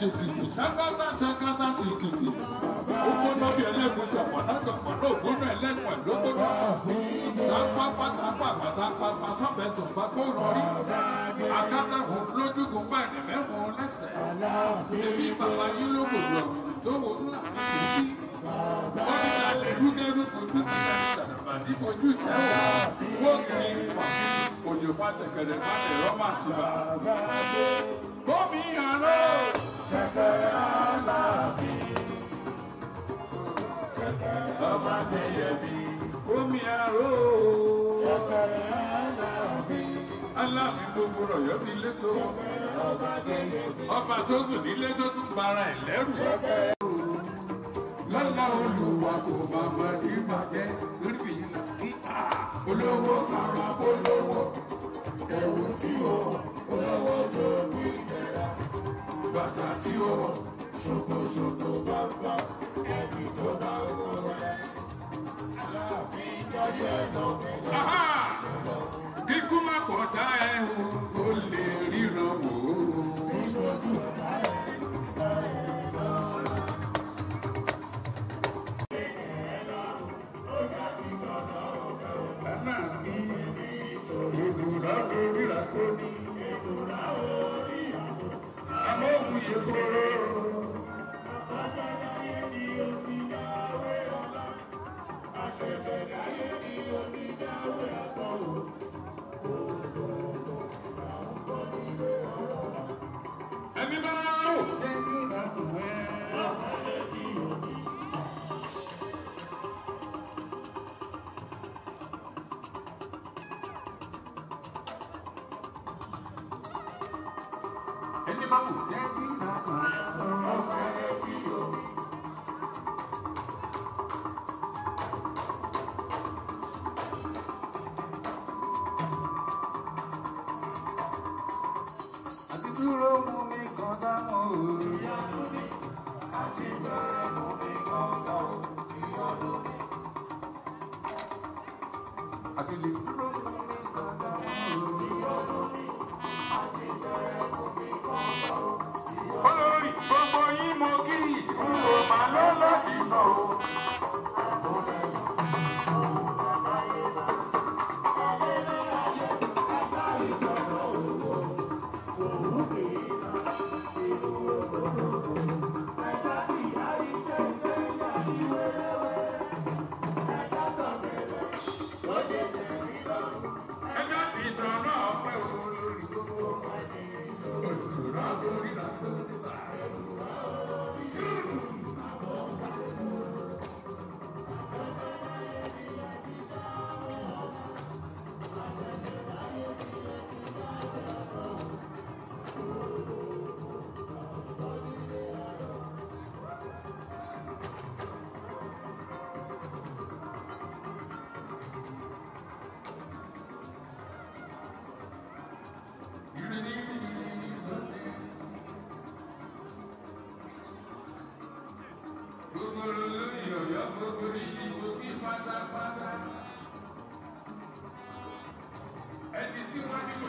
tìkìtì sákàtà sákàtà tìkìtì ògbóná bíi ẹlẹ́gùn ṣàpàdà ṣàpàdà ògbóná ẹlẹ́gùn ẹ̀lógbóná tápápá tápápá tápápá sọ́bẹ̀ sọ̀bá kó rọrí akátàkùn lójúkùn bá ẹ̀dẹ̀ mẹ́wọ̀n lẹ́sẹ̀ èmi bàbá yín ló kò lọ tó wò aláàfin gbogbo rọ̀yọ́ ti lé tó. ọba tó sùn nílé tó tún bara ẹ̀ lẹ́rù. lọ́lá olùwà kò bá mọ ní bàjẹ́ lórí yìí nà. olówó sara polówó ẹ̀wù tí o olówó tó ní ìdẹ̀ra. bàtà tí o ṣòkòṣòkò bá bá ẹni tó bá wọ̀ ẹ́. aláàfin jẹ́ yẹn lọ́mọ. Thank you. Ati bá wù ẹbí bàbá ọmọ ẹbí mi kan dáná o. ìyanu mi àti bẹ̀rẹ̀ mi kan mi. àti lè mi kan mi olórí gbogbo yín mo gbogbo lórí ọ̀yọ́ gbogbo yìí gbogbo pátápátá. ẹni tí wọ́n ní kò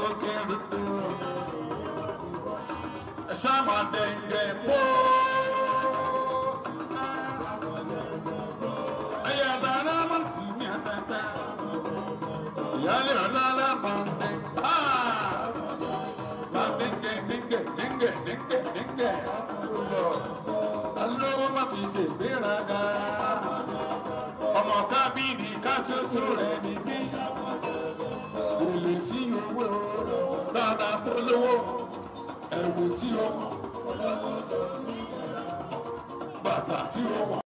they do. Sama denge po. Aya dana man kumya tata. Yale dana Ah, man denge denge denge denge denge. Allo ma fi se beraga. Ọmọ bàbá polówó ẹ̀wù tí ó wọ̀ bàtà tí ó wọ̀.